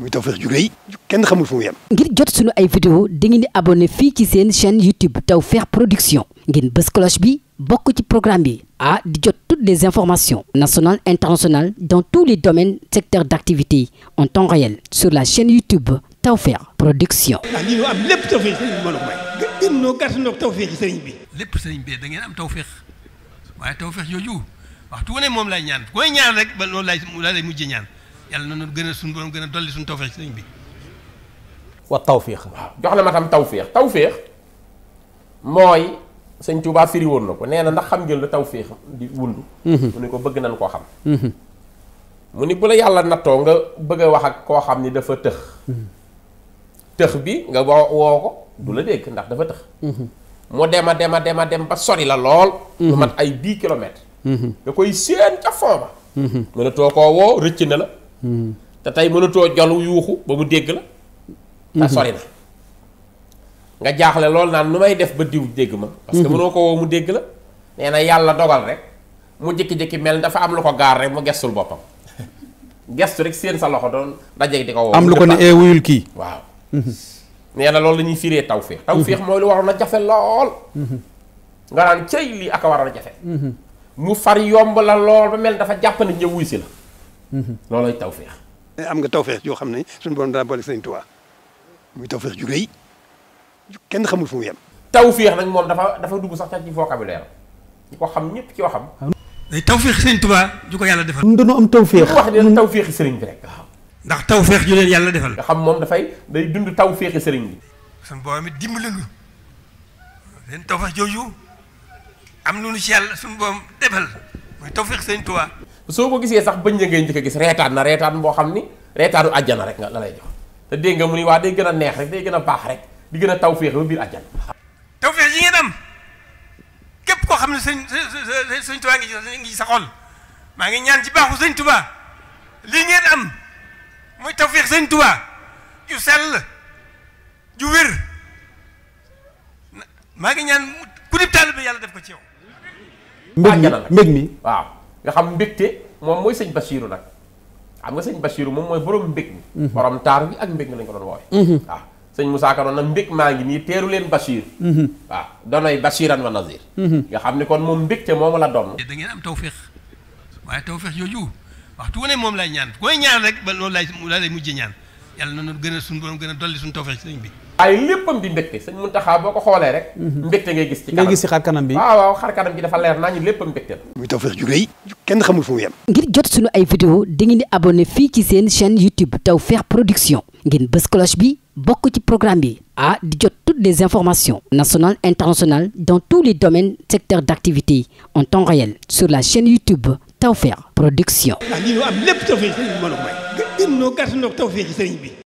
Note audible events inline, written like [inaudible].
muy Tawfekh ju rëy kenn xamul fu mu yem. ngir jot sunu ay vidéo dangeen di fii ci seen chaîne YouTube Tawfekh Production ngeen bës cloche bi bokk ci programme bi ah di jot toutes les informations nationales internationales dans tous les domaines secteurs d'activité en temps réel sur la chaîne YouTube Tawfekh Production. ah lii am lépp Tawfekh sëriñ bi mën a may. gën noo gàtt noo Tawfekh sëriñ bi. lépp sëriñ bi da ngeen am Tawfekh waaye Tawfekh jooju waxtu wu ne moom lay ñaan. yàlla na ñu suñu borom gën a dolli suñu tawféex ci sëñ bi. wa tawféex. jox la ma tam tawféex tawféex mooy sëñ Touba firi woon na ko nee na ndax xam ngeen la tawféex di wund. Mhm. mu ko bëgg nañ koo xam. Mhm. mu ni bu la nattoo nga bëgg wax ak koo xam ni dafa tëx. Mhm. tëx bi nga woo woo ko du la dégg ndax dafa tëx. mu dem a dema a dem a dem ba sori la lool. lu mat ay dix kilomètres. nga koy séen ca fond ba. mënatoo koo woo rëcc na la. te tey mënatoo jol yuuxu ba mu dégg la te mhm. sori na nga jaaxle loolu naan lu may def ba diw dégg ma parce que mhm. mënoo ko woo mu dégg la nee na yàlla dogal rek mu jékki-jékki mel dafa am lu ko gaar rek mu gestul boppam [laughs] gestu rek seen sa loxo doon daje di ko woo am lu ko ne ee eh, wuyul kii waaw mhm. nee na loolu la ñuy firee tawféex tawféex mooy lu waroon a jafe lool nga naan cëy lii ak a waroon a jafe mu far yomb la lool ba mel ni dafa jàpp ne ñëw wuy si la loolooy tawféex. Eh, am nga tawféex yoo xam ne suñu borom dana boole Sëriñ Tuubaa muy tawféex ju kenn xamul fu mu yem. tawféex nag moom dafa dafa dugg sax ci vocabulaire ñi ko xam ñëpp ci xam day tawféex Sëriñ Tuubaa ju ko yàlla defal. ñun dañoo am tawféex. li wax ne tawféexi sëriñ bi rek. ndax tawféex ju leen yàlla defal. nga xam moom dafay day dund tawféexi sëriñ bi. suñu borom it dimbali ñu leen tawféex jooju am lu ñu ci yàlla suñu borom defal mooy tawféex Sëriñ Tuubaa soo ko gisee sax bëñ ngay njëkk a gis reetaan na reetaan boo xam ni reetaanu àjjana rek nga la lay jox te dégg nga mu ni waa day gën a neex rek day gën a baax rek di gën a taw féex ba biir àjjana taw féex yi ngeen am koo xam ne sëñ sëñ tubaa ngi ngi sa xol maa ngi ñaan ci baaxu sëñ tubaa lii ngeen am mooy taw féex sëñ tubaa ju sell ju wér maa ngi ñaan ku dib taalibe yàlla def ko ci yow mbég mi mbég mi waaw nga xam mbégte moom mooy sëñ Basiiru nag xam nga sëñ Basiiru moom mooy borom mbég mi mhm. borom taar bi ak mbég mi lañ ko doon woowe mhm. waaw sëñ mu Ka doon nag mbég maa ngi nii teeru leen Bachir mhm. waaw doonay Bachiran wa Nazir nga xam ne kon moom mbégte moom la doon da ngeen am tawféex waaye tawféex jooju waxtu ne moom lay ñaan koy ñaan rek ba loolu lay laa lay mujjee ñaan yàlla na nu gën a suñu borom gën a dolli suñu tawféex sëñ bi waaye léppam di mbégte sëñ Muntaxa boo ko xoolee rek mhm. mbégte ngay gis ci kanam ngay gis ci xar waaw waaw xar kanam gi dafa leer naa léppam mbégte la muy Tawfekh ju kenn xamul fu mu ngir jot suñu ay vidéo di ngeen di abonné fii ci seen chaîne YouTube Tawfekh Production ngeen bës cloche bi bokk ci programme bi ah di jot toutes les informations nationales internationales dans tous les domaines secteur d'activité en temps réel sur la chaîne YouTube Tawfekh Production. ah lii